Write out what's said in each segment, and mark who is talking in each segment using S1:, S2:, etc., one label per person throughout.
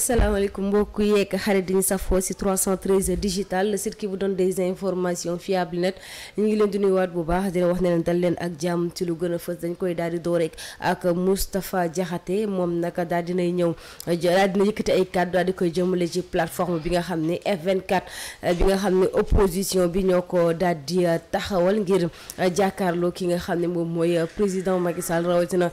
S1: asalaamaaleykum mbokk yeeg xarit di ñu safoo si 313 digital le site qui des informations fiables net ñu ngi leen di nuyuwaat bu baax dina wax ne leen dal leen ak jàmm ci lu gën a fës dañ koy daal di door rek ak Moustapha Diakhaté moom naka daal dinay ñëw daal dina yëkkati ay kàddu daal di koy jëmale ci bi nga xam ne F24 bi nga xam ne opposition bi ñoo ko daal di taxawal ngir jàkkaarloo ki nga xam ne moom mooy président Macky Sall rawatina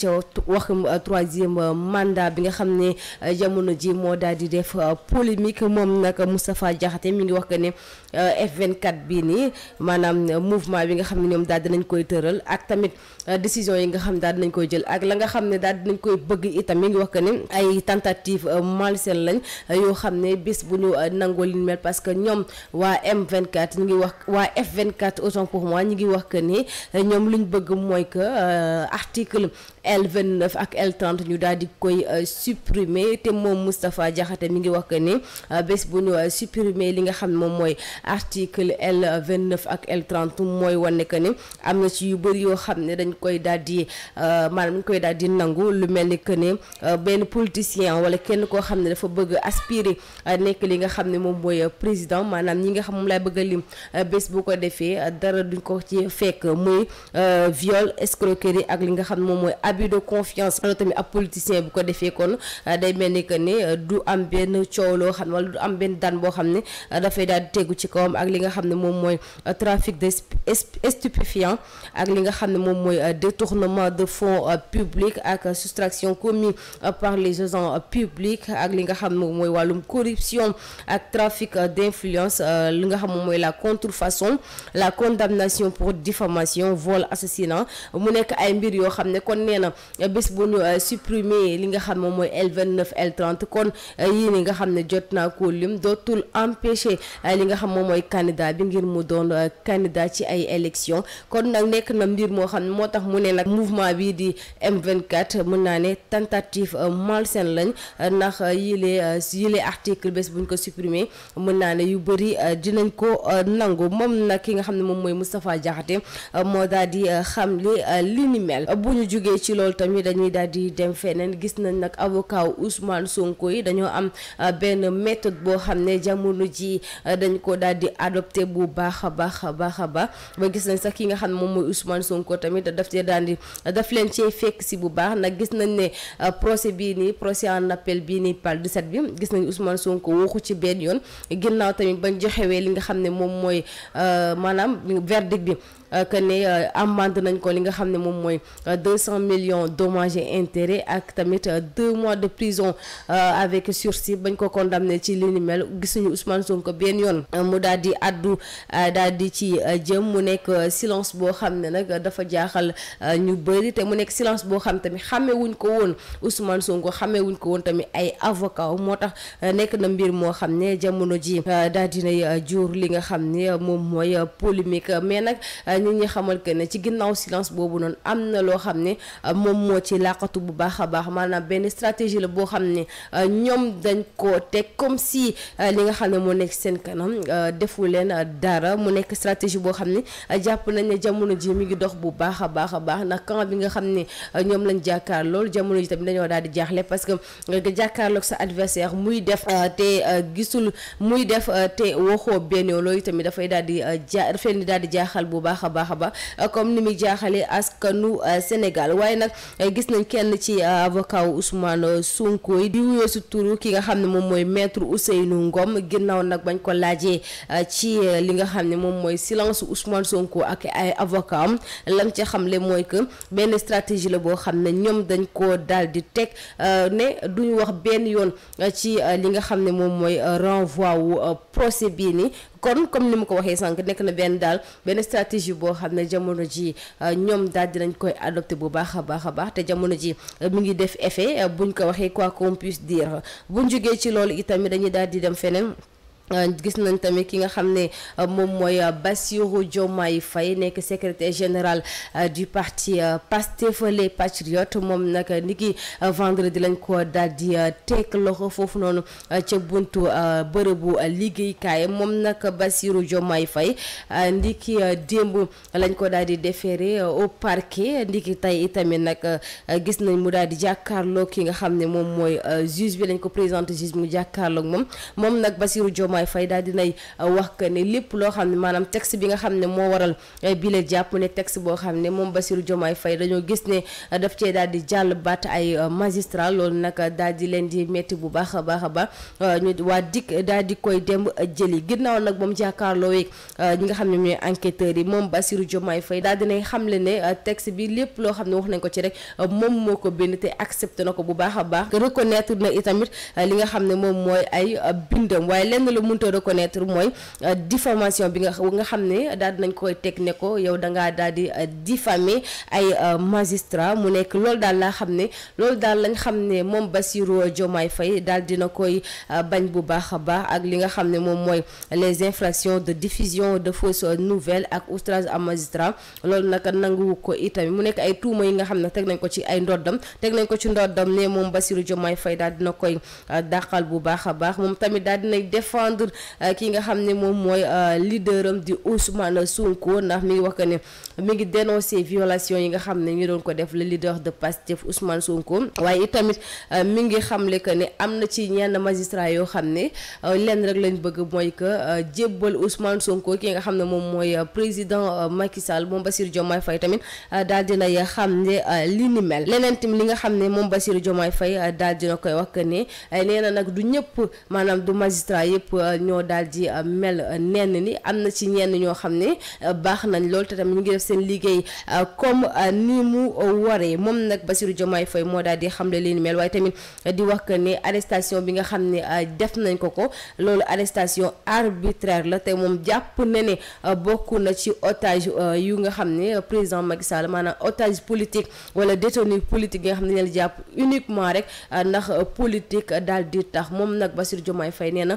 S1: ca wax troisième mandat bi nga xam ne jamono jamono ji moo daal di def euh, polémique moom nag Moustapha Diakhaté mi ngi wax que ne euh, F24 bii nii maanaam mouvement bi nga xam ne ñoom daal nañ koy tëral ak tamit euh, décision yi nga xam daal nañ koy jël ak la nga xam ne daal dinañ koy bëgg itam mi ngi wax que ne ay tentative malsaine lañ yoo xam ne bis bu ñu nangoo li mel que ñoom waa M24 ñu ngi wax waa F24 autant pour moi ñu ngi wax que ne ñoom luñ bëgg mooy que article L29 ak L30 ñu daal di koy euh, supprimer te moom Moustapha Diakhaté mi ngi wax que ni euh, bés bu ñu euh, supprimer li nga xam moom mooy article L29 ak L30 mooy wane que ni am na ci yu bëri yoo xam ne dañ koy daal di maanaam dañ koy daal di nangu lu mel ni que ni benn politicien wala kenn koo xam ne dafa bëgg aspirer nekk li nga xam ne moom mooy président maanaam ñi nga xam moom laay bëgg a lim bés bu ko defee dara duñ ko ci fekk muy viol escroquerie ak li nga xam ne moom mooy. abus de confiance loolu tamit ab politicien bu ko defee kon euh, day mel ni que ne euh, du am benn coow loo xam ne wala du am benn daan boo xam ne euh, dafay daal di tegu ci kawam ak li nga xam ne moom mooy trafic de stupéfiant ak li nga xam ne moom mooy détournement de fonds publics ak soustraction commis par les agents publics ak li nga xam ne moom mooy wàllum corruption ak trafic d'influence li nga xam moom mooy la contrefaçon la condamnation pour diffamation vol assassinat mu nekk ay mbir yoo xam ne kon nee na bés bu ñu euh, supprimer li euh, nga xam ne jot naa ko lim dootul empêcher euh, li nga xam moom mooy candidat bi ngir mu doon candidat ci ay élection kon nag nekk na mbir moo xam ne moo tax mu ne nag mouvement bi di M24 mën naa ne tentative malsaine lañ ndax yile yile article bés buñ ko supprimer mën naa ne yu bëri dinañ ko nangu moom nag ki nga xam ne moom mooy Moustapha Diakhaté moo daal xam li li bu ñu jugee ci ci loolu tamit dañuy daal di dem feneen gis nañ nag avocat Ousmane Sonko yi dañoo am euh, benn méthode boo xam ne jamono ji euh, dañ ko daal di adopté bu baax a baax baax a baax ba gis nañ sax ki nga xam ne moom mooy Ousmane Sonko tamit daf cee daal di daf leen cee fekk si bu baax nag gis nañ ne euh, procès bii nii procès en appel bii ni pal set bi gis nañ Ousmane Sonko waxu ci benn yoon ginnaaw tamit bañ joxewee li nga xam ne moom mooy maanaam verdict bi que ne amande nañ ko li nga xam ne moom mooy millions dommages et ak tamit euh, deux mois de prison euh, avec sursis bañ ko condamné ci li ni mel gisuñu Ousmane Sonko benn yoon euh, mu daal di addu daal di ci jëm mu nekk silence boo xam ne nag dafa jaaxal ñu bëri mu nekk silence boo xam tamit xamewuñ ko woon Ousmane Sonko xamewuñ ko woon tamit ay avocat moo tax nekk na mbir moo xam ne jamono ji daal dinay jur li nga xam ne moom mooy polimique mais nag ñi ñi xamal que ne ci ginnaaw silence boobu noonu am na loo xam ne moom moo ci làqatu bu baax a baax maanaam benn stratégie la boo xam ne euh, ñoom dañ ko teg comme si euh, li nga xam ne moo nekk seen kanam euh, defu leen dara mu nekk stratégie boo xam ne jàpp nañ ne jamono ji mi ngi dox bu baax a baax a baax ndax camp bi nga xam ne ñoom lañ jàkkaar lool jamono ji tamit dañoo daal di jaaxle parce que nga jàkkaarloog sa adversaire muy def te gisul muy def te waxoo benn loolu tamit dafay daal di ja dafay daal di jaaxal bu baax a baax a baax comme ni muy jaaxalee askanu Sénégal waaye nag eh, gis nañ kenn ci eh, avocat wu Ousmane Sonko yi di wuyoo si turu ki nga xam ne moom mooy maître Ousseynou Ngom ginnaaw nag bañ ko laajee eh, ci li nga xam ne moom mooy silence Ousmane Sonko ak ay avocat am lañ xam xamle mooy que benn stratégie la boo xam ne ñoom dañ koo daal di teg ne duñu wax benn yoon ci li nga xam ne moom mooy renvoi wu procès bii nii kon comme ni mu ko waxee sànq nekk na benn daal benn stratégie boo xam ne jamono ji euh, ñoom daal dinañ koy adopté bu baax a baax a baax te jamono ji euh, mu ngi def effet euh, buñ ko waxee quoi qu'on puisse dire buñ jógee ci loolu itamit dañuy daal di dem feneen Euh, gis nañ tamit ki nga xam ne euh, moom mooy jomma euh, Diomaye fay nekk secretaire général du parti Pastef les Patriotes moom nag ni ki vendredi lañ ko daal di teg loxo foofu noonu ca buntu bërëbu liggéeykaay moom nag Bassirou Diomaye Faye ndiki démb lañ ko daal di déféré au parquet ndiki tey itamit nag gis nañ mu daal di jàkkaarloo ki nga xam ne moom mooy juge bi lañ ko présenté juge mu jàkkaarloog moom moom nag Bassirou Diomaye Diomaye Faye daal dinay uh, wax que ne lépp loo xam ne maanaam texte bi nga xam ne moo waral uh, bi la jàpp ne texte boo xam ne moom Bassirou Diomaye Faye dañoo gis ne uh, daf cee daal di jàll baat ay magistrat loolu nag daal di leen di metti bu baax a baax a baax waa dikk daal di koy dem jëli ginnaaw nag ba jàkkaarloo yeeg ñi nga xam ne ñooy enquêteurs yi moom Bassirou Diomaye Faye daal dinay xamle ne texte bi lépp loo xam ne wax nañ ko ci rek moom moo ko bind te accepté na ko bu baax a baax reconnaître na itamit li nga xam ne moom mooy ay bindam waaye lenn lu mënta reconnaître mooy euh, diffamation bi nga nga xam ne daal dinañ koy teg ne ko yow da ngaa daal di euh, diffamer ay euh, magistrat mu nekk loolu daal laa xam ne lool daal lañ xam ne moom Bassirou Diomaye Faye daal dina koy bañ bu baax a baax ak li nga xam ne moom mooy les infractions de diffusion de fausses nouvelles ak outrage à magistrat loolu nag nanguwu ko itamit mu nekk ay tuuma yi nga xam ne teg nañ ko ci ay ndoddam teg nañ ko ci ndoddam ne moom Bassirou Diomaye Faye daal dina koy dàqal bu baax a baax moom tamit daal dinay défendre rejoindre eh, ki nga xam ne moom mooy eh, leaderam di Ousmane Sonko ndax mi ngi wax que ne mi ngi dénoncer violation yi nga xam ne ñu doon ko def le leader de Pastef Ousmane Sonko waaye itamit eh, mi ngi xamle que ne am na ci ñenn magistra yoo xam ne lenn rek lañ bëgg mooy que jébbal Ousmane Sonko ki nga xam ne moom mooy président Macky Sall moom Bassirou Diomaye Faye tamit daal dina ya xam ne li ni mel leneen tamit li nga xam ne moom Bassirou Diomaye Faye daal dina koy wax que ne nee nag Euh, ñoo daal di euh, mel euh, nenn ni am na ci ñenn ñoo xam ne baax nañ lool te tamit ñu ngi def seen liggéey comme ni mu waree moom nag Bassirou Diomaye fay moo daal di xamle li ni mel waaye tamit di wax que ne bi nga xam ne def nañ ko ko loolu arrestation arbitraire la te moom jàpp ne ne bokk na ci otage yu nga xam ne président Macky Sall maanaam otage politique wala détenu politique yi xam ne dañu jàpp uniquement rek ndax politique daal di tax moom nag Bassirou Diomaye Faye nee na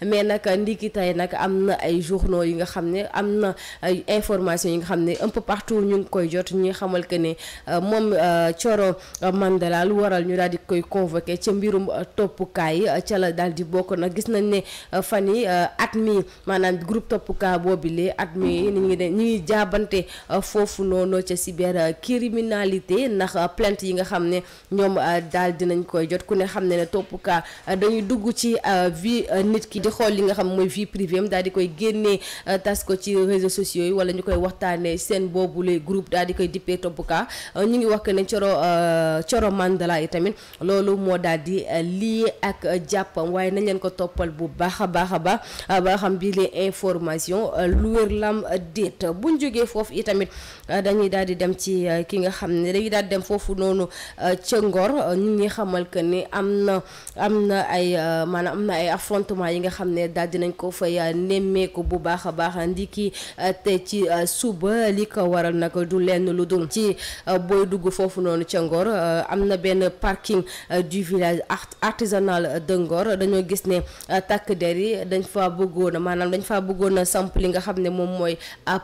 S1: bi mais nag ndiki tey nag am na ay journaux yi nga xam ne am na ay information yi nga xam ne un peu partout ñu ngi koy jot ñu ñi xamal que ne euh, moom euh, Thioro Mandela lu waral ñu daal di koy convoqué ca mbirum euh, toppukaay ca la daal di bokk nag gis nañ ne fan yi at mi maanaam groupe toppukaay boobu lee at mi ñu mm-hmm. ngi dee ñu ngi jaabante foofu noonu ca cybercriminalité ndax plainte yi nga xam ne ñoom daal nañ koy jot ku ne xam ne ne toppukaay dañuy dugg ci vie nit ki di xool li nga xam mooy vie privée am di koy génnee euh, tas ko ci réseaux sociaux yi wala ñu koy waxtaanee seen boobu les groupe daal di koy dippee topp kaa euh, ñu ngi wax que ne coro euh, coro mandala yi loolu moo daal di lii ak jàppam waaye nañ leen ko toppal bu baax a baax a baax ba xam bii les information lu wér lam déet buñ jógee foofu i tamit dañuy daal di dem ci ki nga xam ne dañuy daal di dem foofu noonu ca Ngor ñu ngi xamal que ni am na am na ay affrontement yi nga xam ne daal nañ ko fay euh, nemmeeku bu baax a baax ndiki euh, te ci euh, suba li ko waral nag du lenn lu dul ci booy dugg foofu noonu ca Ngor am na benn parking du village artisanal de Ngor dañoo gis ne takk der yi dañ fa bëggoon maanaam dañ fa bëggoon samp li nga xam ne moom mooy ab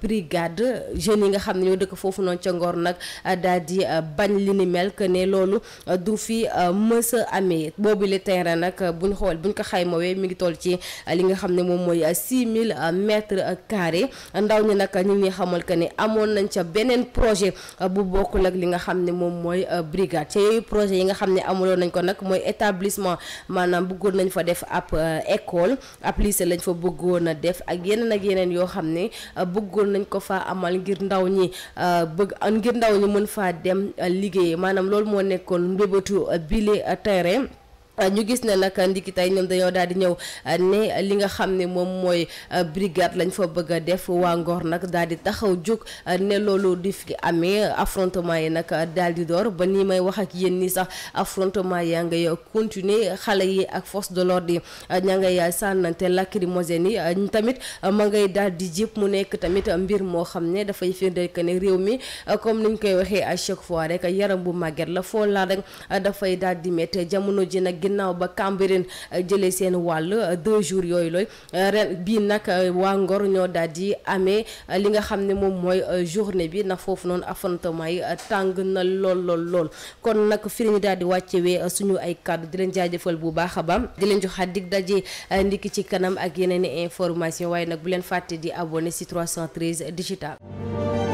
S1: brigade jeunes yi nga xam ne ñoo dëkk foofu noonu ca Ngor nag daal di bañ li ni mel ne loolu du fi mës a amee boobu nag buñ xool buñ ko xayma ñëwee mi ngi toll ci uh, li nga xam ne moom mooy 6000 uh, uh, mètres carrés ndaw ñi nag ñu ngi xamal que ni amoon nañ ca beneen projet bu bokkul ak li nga xam ne moom mooy brigade ca yooyu yi nga xam ne amuloon nañ ko nag mooy établissement maanaam bëggoon nañ fa def ab école ab lycée lañ fa bëggoon a def ak yeneen ak yeneen yoo xam ne bëggoon nañ ko faa amal ngir ndaw ñi bëgg ngir ndaw ñi mën faa dem liggéey maanaam loolu moo nekkoon mbébatu bile terrain Euh, ñu gis ne nag ndiki tey ñoom dañoo daal di ñëw euh, ne li nga xam ne moom mooy euh, brigade lañ fa bëgg a def waa Ngor nag daal di taxaw jóg ne loolu di fi amee affrontement yi nag daal di door ba nii may wax ak yéen nii sax affrontement yaa ngay continuer xale yi ak force de l'ordre yi ña ngay sànnante lacrymogène yi ni tamit ma ngay daal di jëpp mu nekk tamit mbir moo xam ne dafay firndeel que ne réew mi comme ni niñ koy waxee à chaque fois rek yaram bu màgget la foo laa ginnaaw ba Cambérène euh, jëlee seen wàll euh, deux jours yooyu looy euh, ren bii nag waa Ngor ñoo daal di amee li nga xam ne moom mooy journée bi ndax foofu noonu affrontement yi tàng na lool lool kon nag fi ñu daal di wàccewee suñu ay kàddu di leen jaajëfal bu baax a baax di leen joxaat dig daje ndiki ci kanam ak yeneen information waaye nag bu leen fàtte di abonné si 313 digital